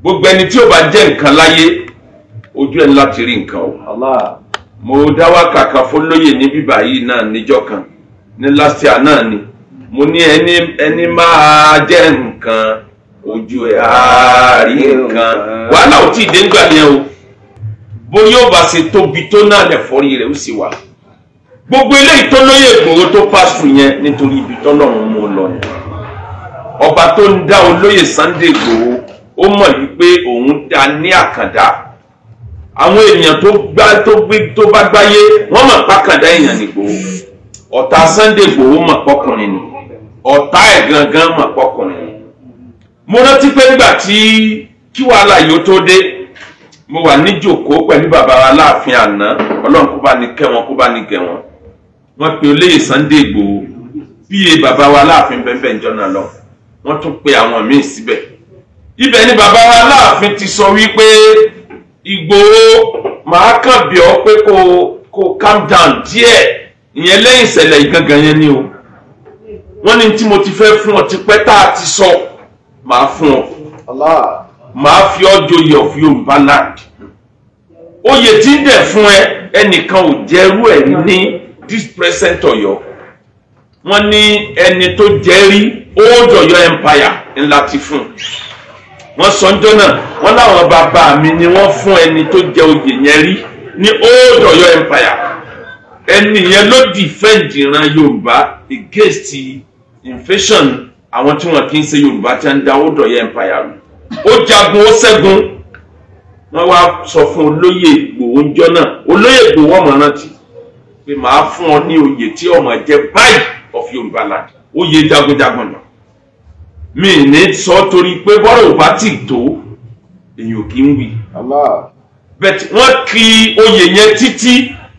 gbogbo ẹni tí o bá jẹ́ nǹkan láyé ojú ẹ̀ ńlá ti rí nǹkan o. mo dá wákà kan fún lóye ní bíbà yìí náà níjọ́ kan ní náà ni mo ní ẹni ẹni máa jẹ́ nǹkan ojú ẹ̀ á nǹkan wàhálà ò tí ì dé yẹn o bóyá ó bá ṣe tóbi tó náà gbogbo eléyìí tó lóye ìgbòho tó pàṣù yẹn nítorí ibi tọ́lọ́run mú lọ ọba tó ń dá Sunday ó mọ̀ yìí pé òun dá ní àkàndá àwọn èèyàn tó gbá tó gbé tó bá gbáyé wọ́n mọ̀ pákàndá èèyàn nìgbòho ọ̀tá Sunday Igboho mọ̀ pọkùnrin ni ọ̀tá ẹ̀ gangan mọ̀ pọkùnrin ni mo rántí pé nígbà tí kí wàhálà yóò tó dé mo wà níjòkó pẹ̀lú bàbá wa láàfin àná ọlọ́run kó bá ní kẹ́ wọn kó bá ní gẹ̀ wọn wọ́n pe olóyè Sunday Igboho bíye bàbá wa láàfin bẹ́ẹ̀ bẹ́ẹ̀ ń jọ́nà lọ wọ́n tún pe àwọn míì síbẹ̀ ibẹ̀ ni bàbá wa láàfin ti sọ wípé Ìgbòho màá kàn bí ọ pé kò kò calm down díẹ̀ ìyẹn lẹ́yìn ìṣẹ̀lẹ̀ ìgangan yẹn ni o wọ́n ní tí mo ti fẹ́ fún ọ tipẹ́ tá a ti sọ màá fún ọ màá fi ọ joyè of Yorùbá land oyè tí ń dẹ̀ fún ẹ ẹnìkan ò jẹ́rú ẹ̀ ní this present Ọ̀yọ́ wọ́n ní ẹni tó jẹ́rí old Ọ̀yọ́ empire ńlá ti fún un wọ́n sọ ńjọ́ náà wọ́n láwọn bàbá mi ni wọ́n fún ẹni tó jẹ oyè yẹn rí ní old Ọ̀yọ́ empire ẹni yẹn ló defend ìran Yorùbá against infection àwọn tí wọ́n kì í ṣe Yorùbá tí ń da old Ọ̀yọ́ empire rú ó jagun ó ṣẹ́gun wọ́n wá sọ fún olóyè Ìgbòho ńjọ́ náà olóyè Ìgbòho ọmọ rántí pé màá fún ọ ní oyè tí ọmọ jẹ báyìí of Yorùbá land oyè jagunjagun náà mi ní sọ torí pé bọ́rọ̀ ò bá tì tó èyàn kì í wí. bẹ́ẹ̀ wọ́n kí oyè yẹn títí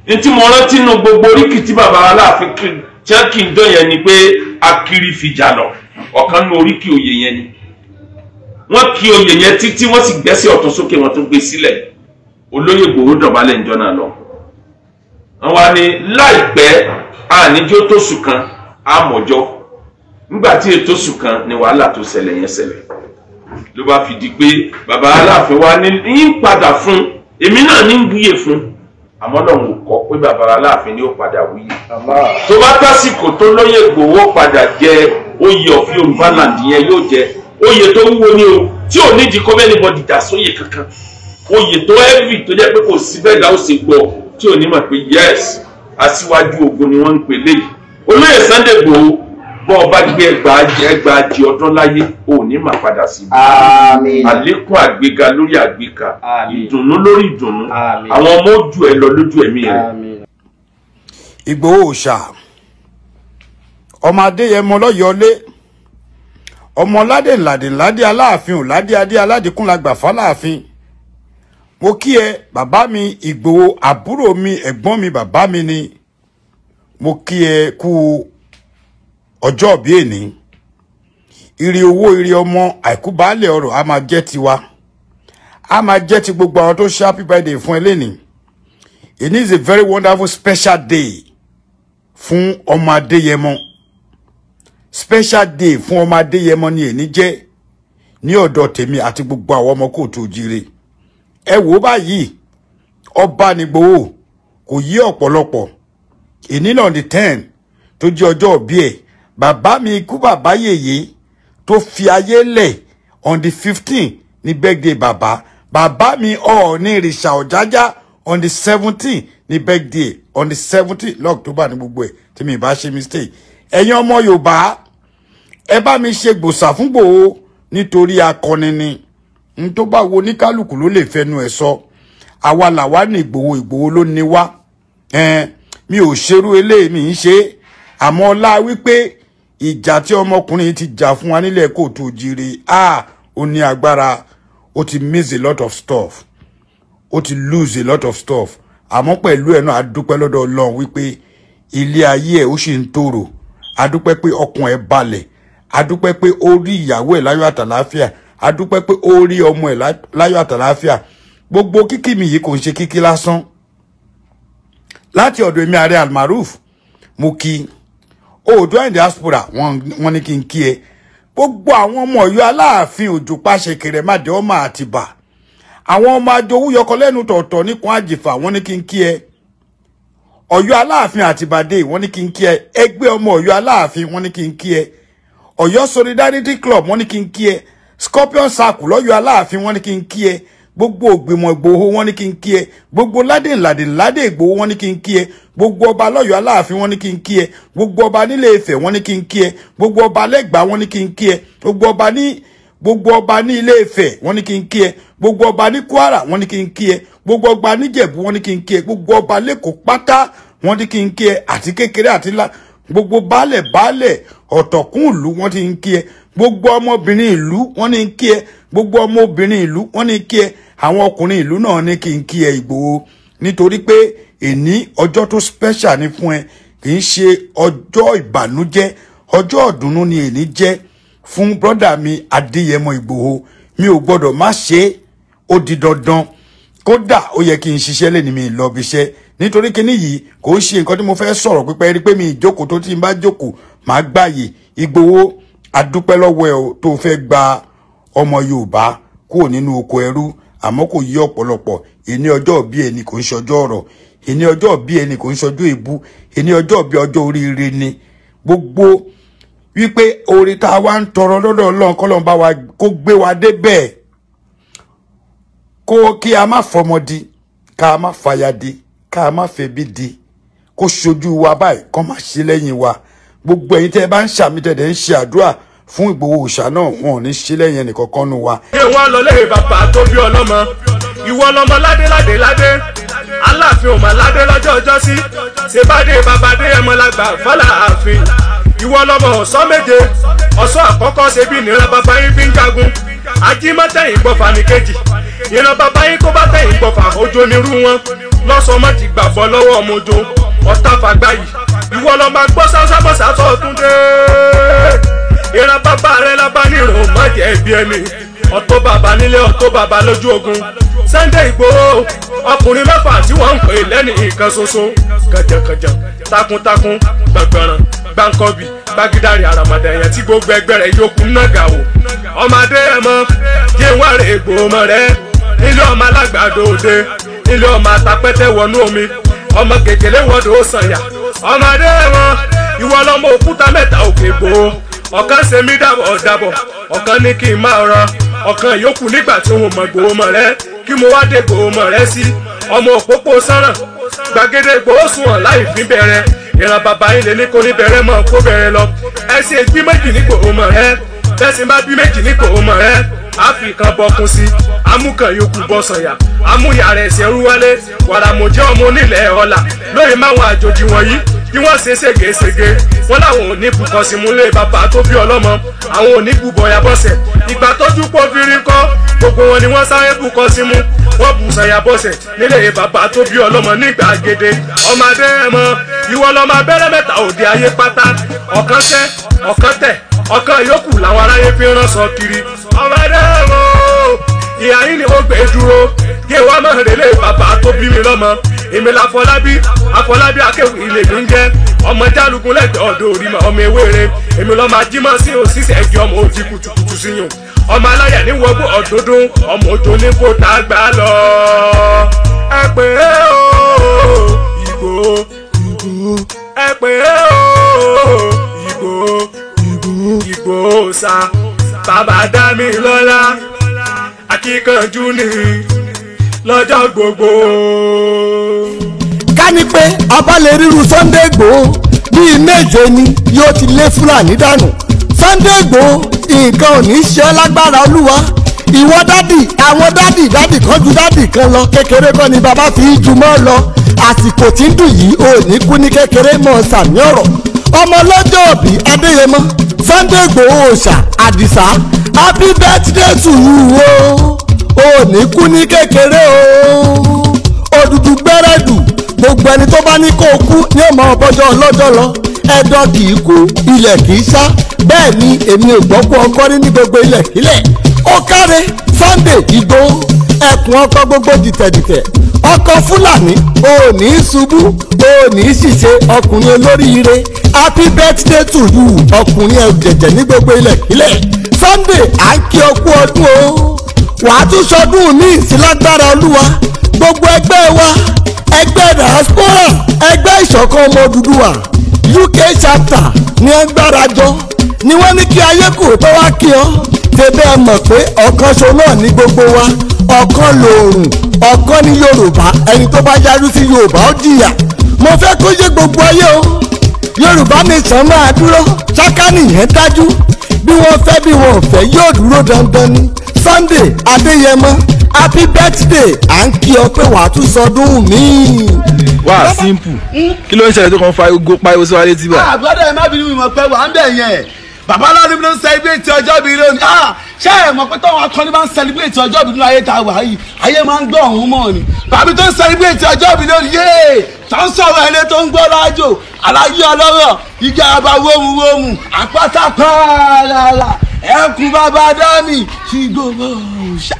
ní tí mo rántí nu gbogbo oríkì bàbá aláàfin tí wọ́n kì í dán yẹn ni pé akiri fìjà lọ ọ̀kan nu oríkì oyè yẹn ni wọ́n kí oyè yẹn títí wọ́n sì gbẹ́sẹ̀ ọ̀tún sókè wọ́n tún gbé sílẹ̀ olóyè gbòòrò dọ̀bálẹ̀ ìjọ náà lọ wọ́n wá ní láìpẹ́ àníjó tó sùn kan àmọ̀jọ́ nígbà tí ètò sùn kan ni wàhálà tó ṣẹlẹ̀ yẹn ṣẹlẹ̀ ló bá fi di pé bàbá aláàfin wa ní ń padà fún èmi náà ní ń wúyè fún àmọ́ náà wò kọ́ pé bàbá aláàfin ni ó padà wúyè tó bá tásìkò tó lóye gbòòwò padà jẹ oyè ọ̀fin Yorùbá làǹdì yóò jẹ oyè tó wúwo ni o tí ò nídìí kọ́ bẹ́ẹ̀ ni bọ́dì dà sóyè kankan oyè tó ẹ́fì tó jẹ́ pé kò sí bẹ́ẹ̀ láó ṣe gbọ́ tí ò ní mọ̀ pé yẹ́sì aṣíwájú ogun ni wọ́n ń pè léyìí olóyè Sunday Igboho bọ́ ọ bá gbé ẹgbàájì ẹgbàájì ọdún láyé ò máa padà sí ibi. àlékún àgbéga lórí àgbéga. ìdùnnú lórí ìdùnnú. àwọn ọmọ ojú ẹ lọ lójú ẹ̀mí rẹ. àmín. Ìgbòho Òòṣà ọmọ Adéyẹmọ lọ́yọ̀ọ́lé ọmọ ládé ńládé ńládé aláàfin ò ládé adé aládìkún la fáláàfin mo kí ẹ bàbá mi Ìgbòho àbúrò mi ẹ̀gbọ́n mi bàbá mi ni mo kí ẹ kú ọjọ́ òbí èní ire owó ire ọmọ àìkú baálẹ̀ ọrọ̀ a máa jẹ́ tiwa a máa jẹ́ ti gbogbo àwọn tó ṣe happy birthday fún ẹ it is a very wonderful special day fún ọmọ adéyẹmọ special day fún ọmọ adéyẹmọ ni èní jẹ́ ní ọ̀dọ̀ tèmi àti gbogbo àwọn ọmọ kò tó jíire ẹ wò báyìí ọba nìgbòho kò yí ọ̀pọ̀lọpọ̀ èní náà ten tó jẹ́ ọjọ́ òbí ẹ̀ bàbá mi ikú bàbá yèyé tó fi ayé lẹ̀ on the fifteen ní birthday bàbá bàbá mi ọ̀ọ́ni ìrìṣà ọ̀jájá on the seventeen ní birthday on the seventeen lọ́ọ̀tọ́bà ní gbogbo ẹ̀ tí mi bá ṣe mistake ẹ̀yin ọmọ yorùbá ẹ bá mi ṣe gbòsà fún gbòó nítorí akọni ni n tó bá wo oníkálukú ló lè fẹnu ẹ̀ sọ àwa làwa ní ìgbòho ìgbòho ló ní wá mi ò ṣerú eléyìí mi ń ṣe àmọ́ ọlá wípé ìjà tí ọmọkùnrin ti jà fún wa nílẹ̀ kóòtù Jiri? a ó ní agbára ó ti miss a lot of stuff ó ti lose a lot of stuff àmọ́ pẹ̀lú ẹ̀ náà a dúpẹ́ lọ́dọ̀ Ọlọ́run wípé ilé ayé ẹ̀ ó ṣì ń tòrò a dúpẹ́ pé ọkàn ẹ̀ balẹ̀ a dúpẹ́ pé ó rí ìyàwó ẹ̀ láyọ̀ àtàláfíà a dúpẹ́ pé ó rí ọmọ ẹ̀ láyọ̀ àtàláfíà gbogbo kíkí mi yìí kò ń ṣe kíkí lásán láti ọ̀dọ̀ èmi ààrẹ Almaroof mo kí i. Oòduà in diaspora wọ́n ní kí n kí ẹ gbogbo àwọn ọmọ Ọ̀yọ́ Aláàfin òjò pàṣẹ kẹrẹ máde ọmọ Àtìbà àwọn ọmọ adowú yọkọ lẹ́nu tọ̀ọ̀tọ̀ níkan àjìfà wọ́n ní kí n kí ẹ Ọ̀yọ́ Aláàfin Àtìbà dé wọ́n ní kí n kí ẹ ẹgbẹ́ ọmọ Ọ̀yọ́ Aláàfin wọ́n ní kí n kí ẹ Ọ̀yọ́ Solidarity Club wọ́n ní kí n kí Scorpion Circle lọ́yọ́ Aláàfin wọ́n ní kí n kí ẹ gbogbo ògbìmọ̀ Ìgbòho wọn ní kí n kí ẹ gbogbo ládèǹládèǹládè Ìgbòho wọn ní kí n kí ẹ gbogbo ọba lọ́yọ̀ọ́ aláàfin wọn ní kí n kí ẹ gbogbo ọba nílé Ifẹ̀ wọn ní kí n kí ẹ gbogbo ọba lẹ́gbàá wọn ní kí n kí ẹ gbogbo ọba ní gbogbo ọba ní ilé Ifẹ̀ wọn ní kí n kí ẹ gbogbo ọba ní Kwara wọn ní kí n kí ẹ gbogbo ọba níjẹ̀bú wọn ní kí n kí ẹ gbogbo ọba lẹ́kọ̀ọ́ pátá wọn ní kí n kí ẹ àti kékeré àti ńlá gbogbo baálẹ̀ baálẹ̀ ọ̀tọ̀kún ìlú wọn ti kí ẹ gbogbo ọmọbìnrin ìlú wọn ní kí ẹ gbogbo ọmọbìnrin ìlú wọn ní kí ẹ àwọn ọkùnrin ìlú náà ní kí n kí ẹ Ìgbòho nítorí pé èní ọjọ́ tó special ni fún ẹ kì í ṣe ọjọ́ ìbànújẹ́ ọjọ́ ọ̀dùnnú ni èní jẹ́ fún brọ́dà mi Adéyẹmọ Ìgbòho mi ò gbọ́dọ̀ má ṣe é ó di dandan kódà ó yẹ kí n ṣiṣẹ́ lẹ́ni mi lọ bí iṣẹ́ nítorí kíní yìí kò ń ṣe nǹkan tí mo fẹ́ sọ̀rọ̀ pípẹ́ rí pé mi ìjókòó tó ti ń bá jókòó màá gbààyè Ìgbòho adúpẹ́ lọ́wọ́ ẹ̀ tó fẹ́ gba ọmọ Yorùbá kúrò nínú oko ẹrú àmọ́ kò yí ọ̀pọ̀lọpọ̀ ìní ọjọ́ bí ẹni kò ń ṣọjọ́ ọ̀rọ̀ ìní ọjọ́ bí ẹni kò ń ṣọjọ́ èébú ìní ọjọ́ bí ọjọ́ oríire ni gbogbo wípé oore tá a wá ń tọrọ lọ́dọ̀ Ọlọ́run bá wa kó gbé wa débẹ̀ kó kí a má fọmọ di ká a má fàyà di ká a má fẹ̀bi di kó ṣojú wa báyìí kó má ṣe lẹ́yìn wa gbogbo ẹ̀yin tẹ́ ẹ bá ń ṣàmì tẹ̀dẹ̀ ń ṣe àdúrà fún Ìgbòho òòṣà náà wọn ní ṣe lẹ́yìn ẹnìkankan nù wa. ṣé wọn lọ lẹ́yìn bàbá tó bí ọlọ́mọ ìwọ ọlọ́mọ ládéládé ládé aláàfin òmà ládé lọ́jọ́ ọjọ́ sí ṣèbádé babadé ẹmọlágbà fọlá ààfin ìwọ ọlọ́mọ ọ̀sán méje ọ̀sán àkọ́kọ́ ṣe bí ìnira bàbá yín fi ń jagun ajímọ́tẹ̀yìn gbọ́fà ní kejì ìran bàbá yín tó bá tẹ̀yìn gbọ́fà ojú onírú wọn lọ́sọ̀ọ́mọ́ ti gbàfọ́ lọ́wọ́ ọmọ ojo ọ̀tá fàgbáyì ìwọ ọlọ́mọ agbọ́sáwọ́sáwọ́sá tó tún dé ìran bàbá rẹ lábá nírò má jẹ́ ẹbí ẹni ọ̀tọ̀ bàbá nílé ọ̀tọ̀ bàbá lójú ogun Sunday Igboho ọkùnrin mẹ́fà tí wọ́n ń pè lẹ́nu nǹkan ṣoṣo kàjàkàjà takuntakun gbàngbọ̀ràn gbàǹkọ́bì gbàgídàrí àràmàdà ẹ̀yàn tí gbogbo ẹgbẹ́ rẹ̀ yókù ń nàgà wò ọmọdé ẹ̀mọ́ yéwárè ègbòmọ̀ rẹ̀ nílé ọmọ alágbàdo òde nílé ọmọ atapẹ́tẹ́ wọnú omi ọmọ gègèlè wọdò ó sànyà ọmọdé ẹ̀mọ́ ìwọ lọmọ òkúta mẹ́ta òkè gbòó ọ̀kan semi mí dàbọ̀ dàbọ̀ ọ̀kan ní kí n máa rọ ọ̀kan yòókù nígbà tí òun mọ̀ gbòó mọ̀ rẹ kí mo wá dé gbòó mọ̀ sí ọmọ òpópó sọ́rọ̀ gbàgede gbòó sùn hàn bẹ̀rẹ̀ ìran bàbá ilé ní bẹ̀rẹ̀ mọ̀ kó bẹ̀rẹ̀ lọ ní gbòó mọ̀ ní gbòó mọ̀ bí wọ́n ṣe ségesège wọ́n láwọn ò ní bùkọ́ símúlé bàbá tó bí ọlọ́mọ àwọn ò ní bùbọ̀ yabọ́sẹ̀ ìgbà tójú pọ̀ fírí kọ́ gbogbo wọn ni wọ́n sáré bùkọ́ símú wọ́n bùsàn yabọ́sẹ̀ nílé bàbá tó bí ọlọ́mọ nígbà gèdè ọmọdé ẹ̀mọ ìwọ lọ́mọ abẹ́rẹ́ mẹ́ta òde ayé pátá ọ̀kan ṣẹ́ ọ̀kan tẹ̀ ọ̀kan yòókù làwọn aráyé fi ránṣọ kiri ọmọdé ẹ̀mọ ìyá yìí ni ó gbé dúró yé wa máa rèlé bàbá tó bí mi lọ́mọ ìmìlà àfọlábí àfọlábí akéwì ilé mi ń jẹ́ ọmọ jálùkún lẹ́gbẹ̀ẹ́ ọ̀dọ̀ orí ma ọmọ ewéere èmi lọ́ọ́ máa jímọ̀ sí òṣìṣẹ́ ẹ̀jẹ̀ ọmọ òjì kùtùkùtù sí yùn ọmọ aláyà ní wọgbó ọ̀dọ́dún ọmọ òjò ní kó tá a gbà lọ. ẹ pè é o ìgbò ìgbò ẹ pè é o ìgbò ìgbò ìgbò sa bàbá dá mi lọ́lá akíkanjú ni lọ́jọ́ gbogbo. ká ní pé ọba lè ríru Sunday Igboho bíi méje ni yóò ti lé Fúlàní dànù Sunday Igboho nǹkan ò ní ṣe ọ́ lágbára Olúwa ìwọ dádì àwọn dádì dádì kan ju dádì kan lọ kékeré kan ni bàbá fi í ju mọ́ lọ àsìkò tí ń dùn yìí ò ní kú ní kékeré mọ́ sàmì ọ̀rọ̀ ọmọ lọ́jọ́ òbí Adéyẹmọ Sunday Igboho òòṣà Àdìsá happy birthday to you o. Oh ò ní kú ní kékeré o òdùdù gbẹ́rẹ́dù gbogbo ẹni tó bá ní kó kú ní ọmọ ọbọjọ ọlọ́jọ́ lọ ẹ̀dọ̀ kì í kú ilẹ̀ kì í sá bẹ́ẹ̀ ni èmi ò gbọ́kú ọkọ rí ní gbogbo ilẹ̀ kílẹ̀ ó káre Sunday Igboho ẹkùn ọkọ gbogbo dìtẹ̀dìtẹ̀ ọkọ Fúlàní ò ní ṣubú ò ní ṣìṣe ọkùnrin olóríire happy birthday to you ọkùnrin ẹ̀jẹ̀jẹ̀ ní gbogbo ilẹ̀ kílẹ̀ Sunday à ń kí ọkú ọdún o wàá tún sọdún ní ìsìlágbára olúwa gbogbo ẹgbẹ́ wa ẹgbẹ́ diaspora ẹgbẹ́ ìṣọ̀kan ọmọ Odùduwà UK chapter ní agbára jọ ni wọ́n ní kí ayé kò tó wá kí ọ tẹ́bẹ́ ẹ mọ̀ pé ọ̀kan ṣo náà ní gbogbo wa ọ̀kan lòrùn ọ̀kan ní Yorùbá ẹni tó bá yarí sí Yorùbá ó jìyà mo fẹ́ kó yé gbogbo ayé o Yorùbá nation máa dúró ṣáká nìyẹn dájú bí wọ́n fẹ́ bí wọ́n ò fẹ́ yóò dúró dandan ni Sunday Adéyẹmọ happy birthday à ń kí ọ pé wàá tún sọdún mi. wá simple kí ló ń ṣẹlẹ̀ tó kàn fa igbó pariwo sí wa létí bá. àgbọ̀dọ̀ ah, ẹ má bínú ìmọ̀ pé wà á ń bẹ̀ yẹn bàbá aláàánú mi ló ń sẹ́lẹ̀bírẹ̀tì ọjọ́ mi lónìí ah, ṣé ẹ mọ̀ pé táwọn akọni máa ń sẹ́lẹ̀bírẹ̀tì ọjọ́ mi nínú ayé tá a wà yìí ayé máa ń gbọ́ ọ̀hún mọ́ ni bàbá tó ń sẹ́lẹ̀bírẹ̀tì ọjọ́ mi lónìí yéé tó ń sọ̀rọ̀ ẹni tó ń gbọ́ lájò alájú ọlọ́rọ̀ ìjà àbá wómù wómù àpáta pààlà ẹkùn bàbá dání sí gbogbo ṣá.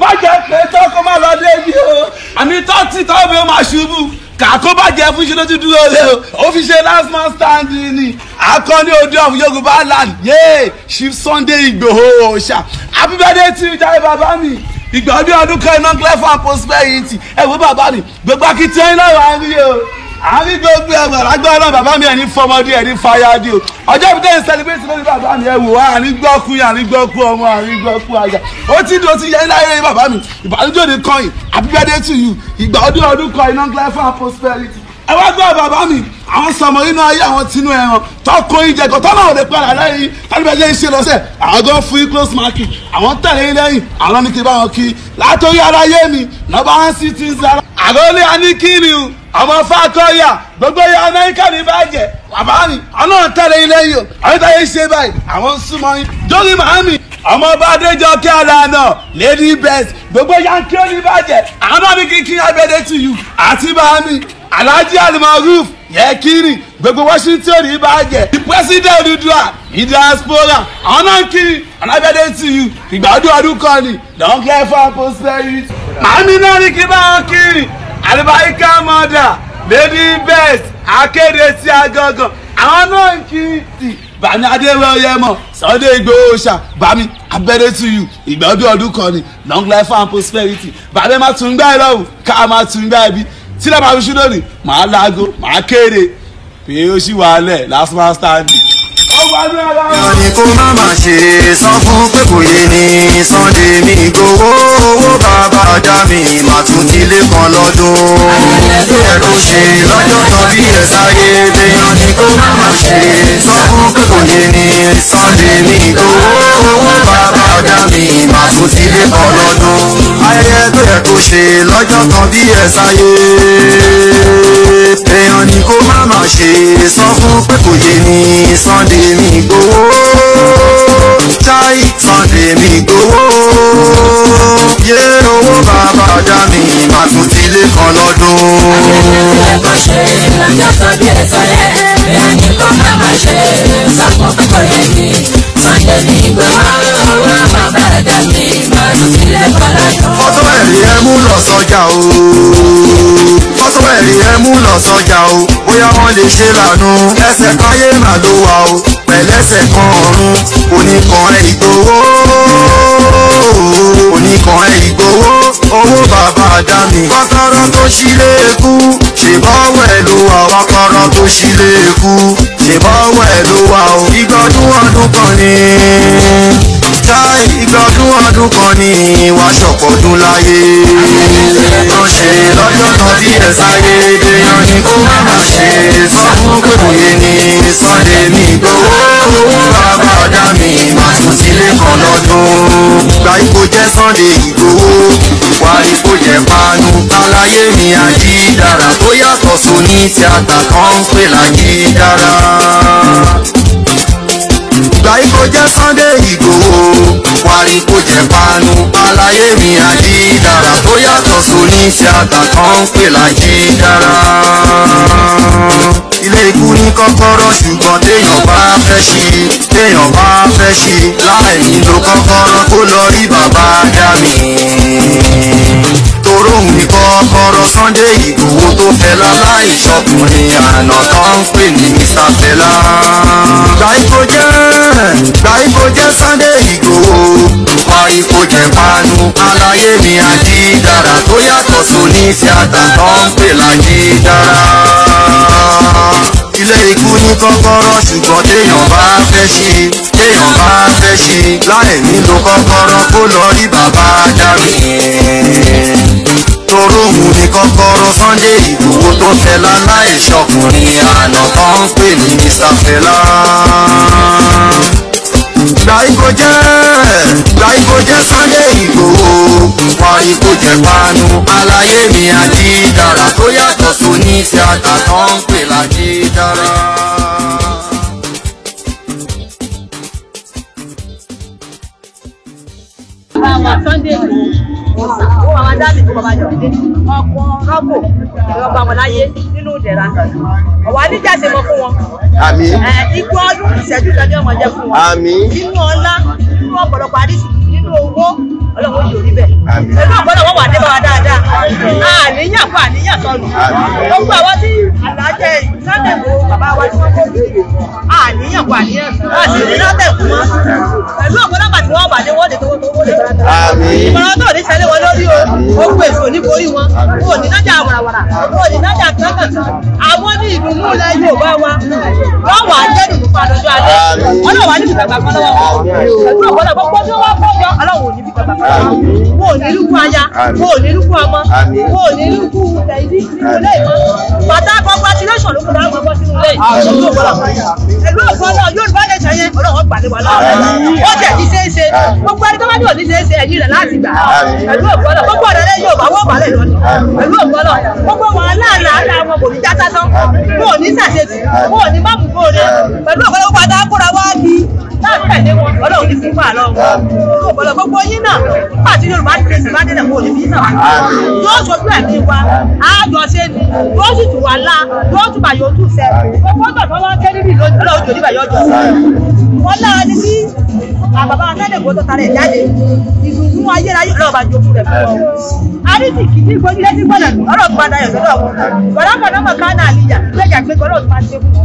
má jẹ́ pé tọ́kọ má lọ débi o àmì tọ́tì tọ́wọ́ mi ó máa ṣubú kàkó bá jẹ fún ṣe ló ti dúró lé o ó fi ṣe last man standing ni akọni odi of yorùbá land yéé chief sunday igboho ọṣà happy birthday to you jàre bàbá mi ìgbà ọdún ọdún kan iná clear for prosperity ẹ wo bàbá mi gbogbo akitiyan náà wà á rí o àbí gbogbo ẹ̀wọ̀ agbára bàbá mi ẹ̀ ní fọmọdé ẹ̀ ní fayadé o ọjọ́ ìbí tẹ́yìn sẹlẹ̀bẹ́tì lórí bàbá mi ẹ̀ wò wá àrígbọ́kú yẹn àrígbọ́kú ọmọ àrígbọ́kú àyà ó ti di ó ti yẹ láyé bàbá mi ìbànújò ní kọ́yìn happy birthday to you ìgbà ọdún ọdún kọ́yìn non clear for prosperity ẹ wá gbọ́ bàbá mi àwọn sọmọ inú ayé àwọn tinú ẹran tọkọ ìjẹkọ tọ́nà òde padà lẹ́yìn tálíbẹ̀jẹ̀ ń ṣe lọ́sẹ̀ àgọ́ fún yín close marking àwọn tẹ̀lé yín lẹ́yìn àwọn ní kí bá wọn kí látòrí aráyé mi lọ́ba hàn sí ti ń sara àgọ́ ní a ní kí ni o àwọn fákọ́yà gbogbo ya amẹ́ríkà ní bàjẹ́ àbáni àwọn tẹ̀lé ilé yìí àwọn tẹ̀lé ṣe báyìí àwọn súnmọ́ yín jórí màámi ọmọ ọba adéjọkẹ́ àlànà lady best gbogbo yankí ó ní bàjẹ́ àwọn àmì kíkí abẹ́dẹ́ tì yù àti màámi alhaji almaruf yẹkiri gbogbo washington ní bàjẹ́ the president Odùduwà ní diaspora àwọn náà kiri alábẹ́dẹ́ tì yù ìgbàdùn ọdún kan ni don't care for posterity màámi náà ní kí bá wọn kiri àlùbáríkà mọ́dà lady best akéde sí agangan àwọn náà ń kí tì bàmí adéwọ̀yẹ mọ̀ Sunday Igboho ṣá bàmí abẹ́rẹ́ to you ìgbọ́dún ọdún kan ni long life and prosperity bàbá má tún gbá ìlọ́run ká má tún gbá ibi tí lọ́ba fi ṣúná ni màá láago màá kéde pé ó ṣì wà á lẹ̀ last man standing ni kó má má ṣe sọ fún pé kò yé ni Sunday mi gbowó owó bàbá ọjà mi mà tún nílé kan lọ́dún. bí ẹ ló ṣe lọ́jọ́ tán bí ẹ sáyé léèyàn ni kó má má ṣe sọ fún pé kò yé ni Sunday mi gbowó owó bàbá ọjà mi mà tún nílé kan lọ́dún. ayẹyẹ tó yẹ kó ṣe lọ́jọ́ tán bí ẹ sáyé kó má má ṣe sọ fún pé kò yé ní Sunday mi gbowó chai Sunday mi gbowó yé owó bàbá dá mi má tún ti lé kan lọ́dún. àgbẹ̀dẹ̀ ti ẹ̀kọ́ ṣe lọ́jọ́ tó bí ẹ̀sọ́ yẹ bẹ́ẹ̀ ni kó má má ṣe sọ fún pé kò yé ní Sunday mi gbowó owó bàbá dá mi má tún ti lé kan lọ́dún. ọtọ́ ẹ̀rí ẹ mú lọ sọjà o rí ẹ mú lọ sọjà o bóyá wọ́n lè ṣe lànà ẹsẹ̀ káyé mà ló wà o pẹ̀lẹ́sẹ̀ kan ọ̀run oníkan ẹ̀ ìgbowó oníkan ẹ̀ ìgbowó owó bàbá àdámì kọ́kọ́rọ́ tó ṣílé kú ṣèbọ̀wọ̀ ẹ̀ ló wà kọ́kọ́rọ́ tó ṣílé kú ṣèbọ̀wọ̀ ẹ̀ ló wà o ìgbọ́dún ọdún kan ni ta ìgbọ́dún ọdún kan ní ìwà ṣọ̀pọ̀dún láyé wọ́n ṣe lọ́jọ́ tán tí ẹ sáyé déyàn ni kó má má ṣe sọ fún pé kò yé ni Sunday mi gbowó owó bàbá mi má tún sílé kan lọ́dún gba ipò jẹ́ Sunday Ìgbòho wà ipò jẹ́ panu aláyé mi àjídára tó yàtọ̀ sóní tí àgbà kan ń pè lájídára àlàyé kò jẹ́ Sunday Igboho Buhari kò jẹ́ panu àlàyé mi àjídára tó yàtọ̀ sóní tíátà kan ń pè lájídára. ilé ikú ní kọ́kọ́rọ́ ṣùgbọ́n téèyàn bá fẹ́ ṣí téèyàn bá fẹ́ ṣí láì nílò kọ́kọ́rọ́ kó lọ rí bàbá dá mi toróhùn ní kọ́kọ́rọ́ Sunday Igboho tó fẹ́lá láì ṣọkùnrin àná tó ń pè ní Mr. Fela. gba ipò jẹ́ rí kó panu. aláyé ni àjídára tó yàtọ̀ sóní sí àtàntàn pè lájídára. ilé ikú ní kọ́kọ́rọ́ ṣùgbọ́n téèyàn bá fẹ́ ṣe téèyàn bá fẹ́ ṣe láì nílò kọ́kọ́rọ́ kó lọ rí bàbá dárò torúhùn ní kọ́kọ́rọ́ Sunday Ìgbòho tó fẹ́lá láì ṣọkùnrin àná tó ń Mr. Fẹ́lá gba igbó jẹ́ gba igbó jẹ́ Sunday Igboho panu aláyé mi àjídára tó yàtọ̀ sóní tíátà tó ń pè lájídára. dáàbì kó bàbá jọ ọkùn rọ́pò ìrọ̀gbà wọn láyé nínú ìdẹ̀ra ọ̀wá níjàse mọ fún wọn. àmín. ikú ọdún ìṣẹ́jú kan ọmọ jẹ fún wọn. àmín. nínú ọlá nínú ọ̀pọ̀lọpọ̀ àdìsí nínú owó ọlọ́wọ́ yóò rí bẹ́ẹ̀. ẹgbẹ́ ọ̀pọ̀lọpọ̀ wà dé bá wa dáadáa. àníyàn fún àníyàn sọnù. gbogbo àwọn tí alájẹ sátẹ̀kù lórí o ó pè fún oníborí wọn wọn ní lọ́jà wàràwàrà wọn ní lọ́jà kankan àwọn ní ìdùnnú ilẹ̀ Yorùbá wa wọ́n wà á jẹ́ ìdùnnú fún àdójọ́ alẹ́ wọn náà wà ní ìgbàgbà kan lọ́wọ́ pẹ̀lú ọ̀gbọ́dọ̀ gbogbo tí wọ́n kọ́ yọ ọlọ́run ní bí gbàgbà kan wọn ò ní lùkú aya wọn ò ní lùkú ọmọ wọn ò ní lùkú ìdí ìdílé ìmọ̀ bàtà congratulation ọ̀gbọ́lọ̀ gbogbo ọ̀rẹ́ rẹ yóò bá wọ́n balẹ̀ lónìí pẹ̀lú ọ̀gbọ́lọ̀ gbogbo wàhálà àlàáfíà wọn kò ní já sásán wọn ò ní sàṣetì wọn ò ní má mú bóore pẹ̀lú ọ̀gbọ́lọ̀ gbogbo adá kóra wá bí láàpẹ̀lé wọn ọlọ́run ti fún pààlọ́ wọn ọ̀gbọ́lọ̀ gbogbo yín náà pàtí Yorùbá ti fèsì bá délẹ̀ wọn ò ní bí náà yóò sojú ẹ̀mí wa àjọ ṣe ni yóò sì tù wá lá yóò tù bàyọ̀ tù sẹ́ gbogbo tọ̀ tọ́wọ́ wọ́n lára ní sí àbàbà Sunday tó tara jáde ìdùnnú ayérayé lọ́ọ̀bà jojú rẹ̀ fún ọ. àríṣì kì í gbójúlé ní gbọ́dọ̀ ọ̀rọ̀ gbọ́dọ̀ ayọ̀ sọ́dọ̀ ọ̀gbọ̀n bọ̀dá kan náà kan náà lìyà gbẹ̀jà gbé gbọ́dọ̀ tó máa ṣe fún ọ.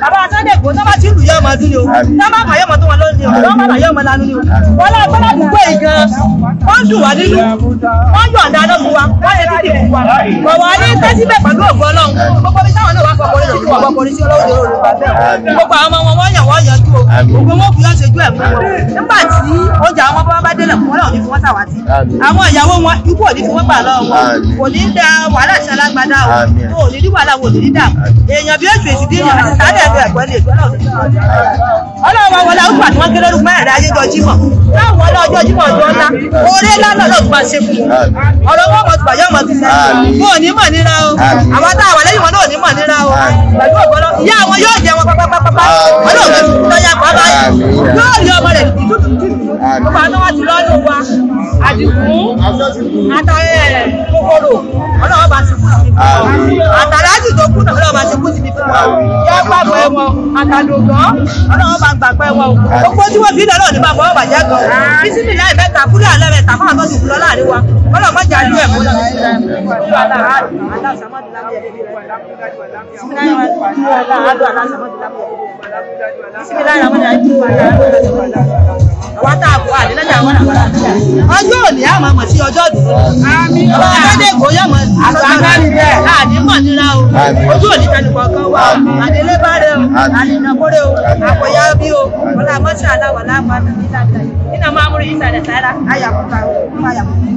bàbá Sunday Igboho bá ti lù yọ ọmọ dún ni o tó bá mà yọ tó wọn lónìí o tó bá mà yọ ọmọ ni o. wọ́n bọ́lá wọ́n yanjú o gbogbo wọn fi ọ̀ṣẹ́jú ẹ̀ fún wọn nígbà tí oúnjẹ àwọn bá bá délẹ̀ fún wọn náà ò ní fi wọ́n sàwátì àwọn ìyàwó wọn ikú ò ní fi wọ́n gbà lọ́wọ́ wọn kò ní da wàhálà sí alágbádá o kò ní ní wàhálà wò ní ní dà èèyàn bí èsì èsì dín àti sálẹ̀ ẹ̀rọ ẹ̀gbọ́n lè gbọ́ ọlọ́run wọn la ó tí wọ́n kéré lórí mẹ́rin ayé jọ jímọ̀ láwọn ọlọ́jọ́ jímọ̀ ọjọ́ ńlá orí ńlá lọ́ọ́ tó máa ṣe fún wọn ọ̀rọ̀ wọn mọ̀ tó bàjẹ́ ọmọ ti sẹ́yìn wọn mọ̀ nira o àwọn táwọn lẹ́yìn wọn náà ò mọ̀ nira o ìyá àwọn yóò jẹ wọn pápápápá wọn Jésù tó yà pàápàá bàbá náà wà ti lọ́dún wa àdìkún àtàrẹ kòkòrò ọlọ́wọ́ bá ti kú sí fún wa àtàlájì tó kú náà ọlọ́wọ́ bá ti kú sí fún wa gbàgbọ́ wọn àtàdògán ọlọ́wọ́ bá gbàgbọ́ wọn o gbogbo tí wọ́n fi lọ́rọ̀ ní bàbá ọ̀bà jẹ́ gan bísímì láì mẹ́ta kúrò àlẹ́ fún àtọ́jú kúrò láàrin wa ọlọ́wọ́ mọ́jà lú àwa ọjọ́ òní àmọ́ mọ̀ sí ọjọ́ òdòdó ọba yóò mọ̀ àtàkàrẹ̀ láàdín mọ̀ nira o ojú òní tẹnukọ̀ kan wà àdínlẹ́ bá rẹ o àdínàkórè o àkọyá bí o ọlá mọ́tì aláwọ̀ láàpá tàbí láàbí nínú àwọn amúrí ìtàlẹ̀ sára ayàkúta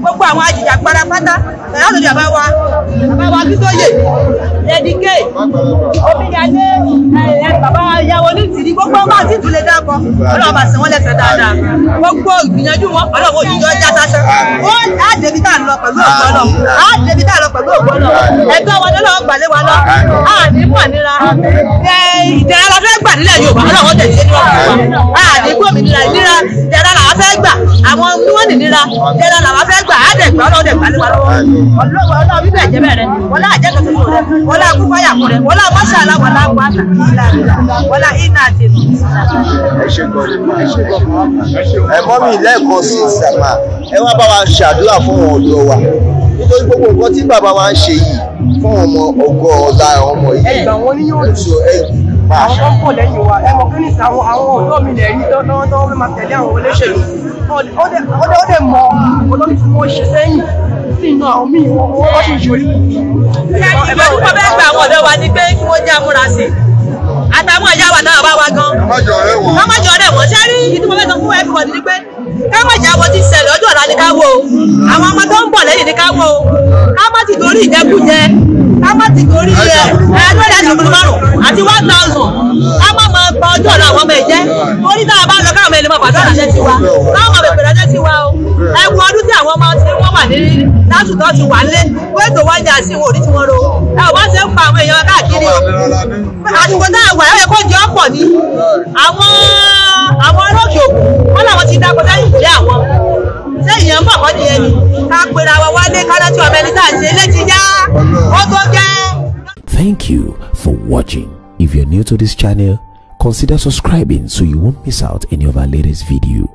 gbogbo àwọn ajìjàgbara pátá bẹ̀rẹ̀ lórí àbá wa àbá wa kí tó yè ẹ̀díkè omíyalé ẹ̀ gbogbo ìgbìyànjú wọn ọlọ́wọ́ òjijì ọjà sásán ó á débi tá à ń lọ pẹ̀lú ògbọ́n lọ á débi tá à ń lọ pẹ̀lú ògbọ́n lọ ẹgbẹ́ wọn lọ́wọ́ gbàlẹ́ wa lọ á ní pànira ìtẹ̀rẹ́ la fẹ́ gbà nílẹ̀ Yorùbá ọlọ́wọ́ tẹ̀sí ní ọ̀gbọ́n á ní gbòmìnira ìnira ìtẹ̀rẹ́ la fẹ́ gbà àwọn tí wọ́n nìnira ìtẹ̀rẹ́ la fẹ́ gbà á dẹ̀ gbà ọlọ́wọ́ dẹ̀ gbàlẹ́ wa lọ́wọ́ ọlọ́wọ́ ọlọ́wọ́ bíbẹ̀ jẹ́ wọlé àjẹkọ̀ wọlé akúfọ̀yà kọ̀ wọlé amọ́ṣàlá wọlé àwọn àtàkùn ẹ̀kọ́ mi lẹ́ẹ̀kan sí ìsàmà ẹ wá bá wa ṣàdúrà fún wọn ọ̀dọ́ wa nítorí gbogbo nǹkan tí bàbá wa ń ṣe yìí fún ọmọ ọgọ́ ọ̀dà ọmọ yìí ẹgbà wọn ní yóò lò àwọn tó ń bọ̀ lẹ́yìn wa ẹ mọ̀ kí ní sàwọn àwọn ọ̀dọ́ mi lẹ̀ rí lọ́wọ́ lọ́wọ́ máa tẹ̀lé àwọn olóṣèlú ó dẹ̀ mọ olórí tí wọ́n ṣe sẹ́yìn sí inú àwọn míì wọ́n wọ́n sì yọrí. ìgbà tí wọ́n gbà àwọn ọ̀dọ́ wa ni pé kí wọ́n jẹ́ amúrasì àtàwọn ìyá wa táwọn bá wa gan. ọmọjọ rẹ wọn ṣe rí ìdí mo fún everybody ni pé kámọ̀jà wọn ti ṣẹlẹ̀ ọjọ́ ọ̀la ni ká wo àwọn ọmọ tó ń bọ̀ lẹ́yìn ni ká wo kámọ̀ ti torí ìjẹkújẹ kámọ̀ ti torí ẹ ẹgbẹ́rẹ́ ẹ̀sìnkú márùn àti one thousand kámọ̀ máa gba ọjọ́ ọ̀la àwọn ọmọ ẹ̀ jẹ́ torí táwọn bá lọ káwọn ọmọ ẹ̀ pàtó àṣẹ tiwa káwọn ọmọ ẹ̀ pẹ̀lú tiwa o ọdún tí àwọn ọmọ ti ní lásìkò ti wà lé wọ́n ètò wọ́n sí wọn ò ní tiwọn ro ẹ wọ́n ṣe ń pa àwọn èèyàn káàkiri àsìkò náà wà ẹ kó jẹ́ ọ̀pọ̀ ni àwọn àwọn olóòkè òkun wọn làwọn ti dáko sẹ́yìn ìjẹ́ àwọn ṣé èèyàn mọ̀ kọ́ nìyẹn ni ká pera wa wálé kálá tí ọmọ ẹni tá à ṣe ilé ti ó tó jẹ́. Thank you for watching. If you're new to this channel, consider subscribing so you won't miss out any of our latest videos.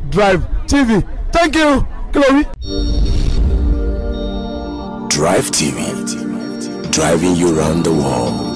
Drive TV. Thank you, Chloe. Drive TV. Driving you around the world.